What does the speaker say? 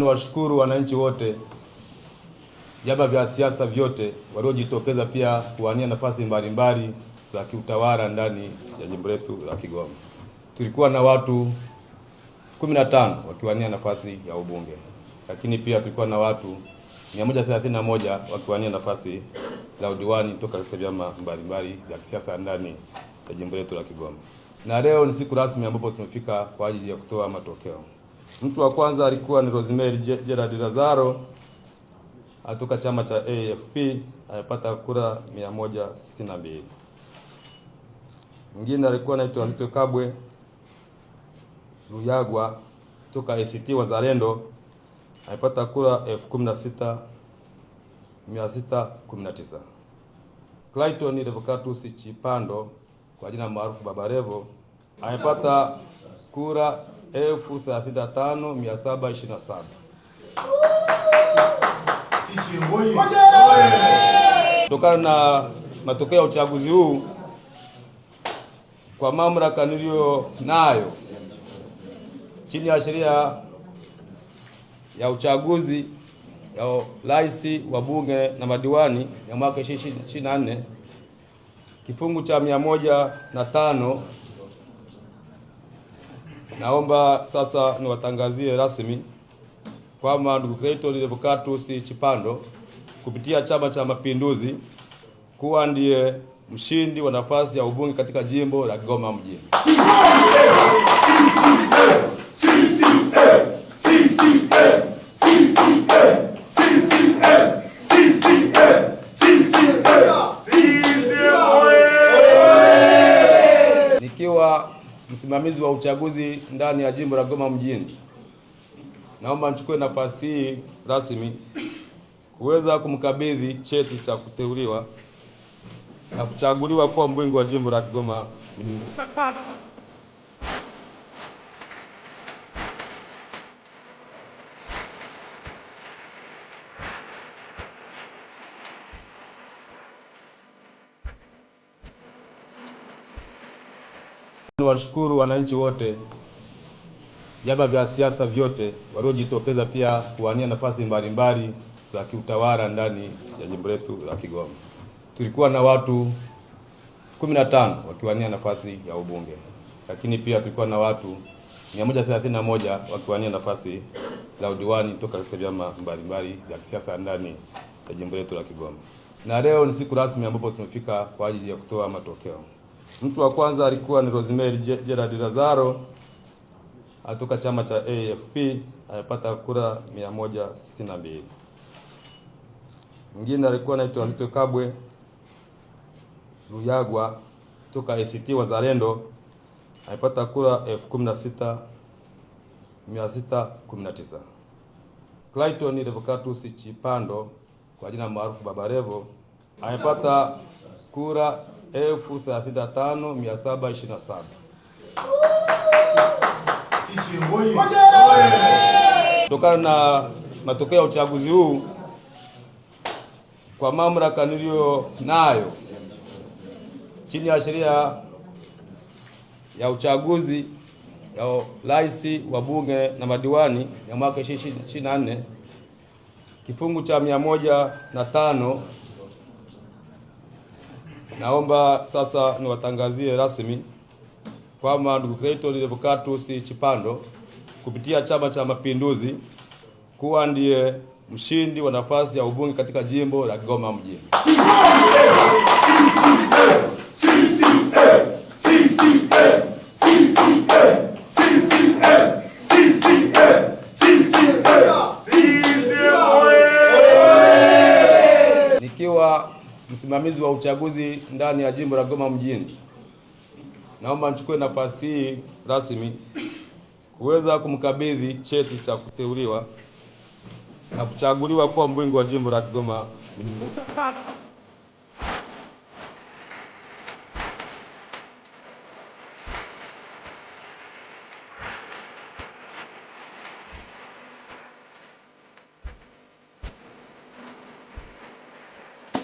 Niwashukuru wananchi wote, vyama vya siasa vyote waliojitokeza pia kuwania nafasi mbalimbali za kiutawala ndani ya jimbo letu la Kigoma. Tulikuwa na watu 15 wakiwania nafasi ya ubunge, lakini pia tulikuwa na watu 131 wakiwania nafasi za udiwani toka katika vyama mbalimbali vya kisiasa ndani ya jimbo letu la Kigoma, na leo ni siku rasmi ambapo tumefika kwa ajili ya kutoa matokeo. Mtu wa kwanza alikuwa ni Rosemary Gerard Lazaro atoka chama cha AFP amepata kura 162. Mwingine alikuwa anaitwa Zito Kabwe Luyagwa toka ACT Wazalendo amepata kura 16619. Clayton Revocatus Chipando kwa jina maarufu Baba Revo amepata kura 35727. Kutokana na matokeo ya uchaguzi huu, kwa mamlaka niliyo nayo chini ya sheria ya uchaguzi ya rais wa bunge na madiwani ya mwaka 2024 kifungu cha mia moja na tano Naomba sasa niwatangazie rasmi kwamba ndugu Clayton Revocatus Chipando kupitia Chama cha Mapinduzi kuwa ndiye mshindi wa nafasi ya ubunge katika jimbo la Kigoma mjini. msimamizi wa uchaguzi ndani ya jimbo la Kigoma mjini, naomba nichukue nafasi hii rasmi kuweza kumkabidhi cheti cha kuteuliwa na kuchaguliwa kuwa mbunge wa jimbo la Kigoma mjini. Niwashukuru wananchi wote, vyama vya siasa vyote waliojitokeza pia kuwania nafasi mbalimbali za kiutawala ndani ya jimbo letu la Kigoma. Tulikuwa na watu 15 wakiwania nafasi ya ubunge, lakini pia tulikuwa na watu 131 wakiwania nafasi za udiwani toka katika vyama mbalimbali vya kisiasa ndani ya jimbo letu la Kigoma, na leo ni siku rasmi ambapo tumefika kwa ajili ya kutoa matokeo. Mtu wa kwanza alikuwa ni Rosemary Gerard Lazaro atoka chama cha AFP amepata kura 162. Mwingine alikuwa anaitwa Zito Kabwe Luyagwa toka ACT Wazalendo amepata kura 16619. Clayton Revocatus Chipando kwa jina maarufu Baba Revo amepata kura elfu thelathini na tano mia saba ishirini na saba. Kutokana na matokeo ya uchaguzi huu, kwa mamlaka niliyo nayo chini ya sheria ya uchaguzi ya rais wa bunge na madiwani ya mwaka 2024 kifungu cha mia moja na tano Naomba sasa niwatangazie rasmi kwamba ndugu Clayton Revocatus Chipando kupitia Chama cha Mapinduzi kuwa ndiye mshindi wa nafasi ya ubunge katika jimbo la Kigoma mjini. msimamizi wa uchaguzi ndani ya jimbo la Kigoma mjini, naomba nichukue nafasi hii rasmi kuweza kumkabidhi cheti cha kuteuliwa na kuchaguliwa kuwa mbunge wa jimbo la Kigoma mjini.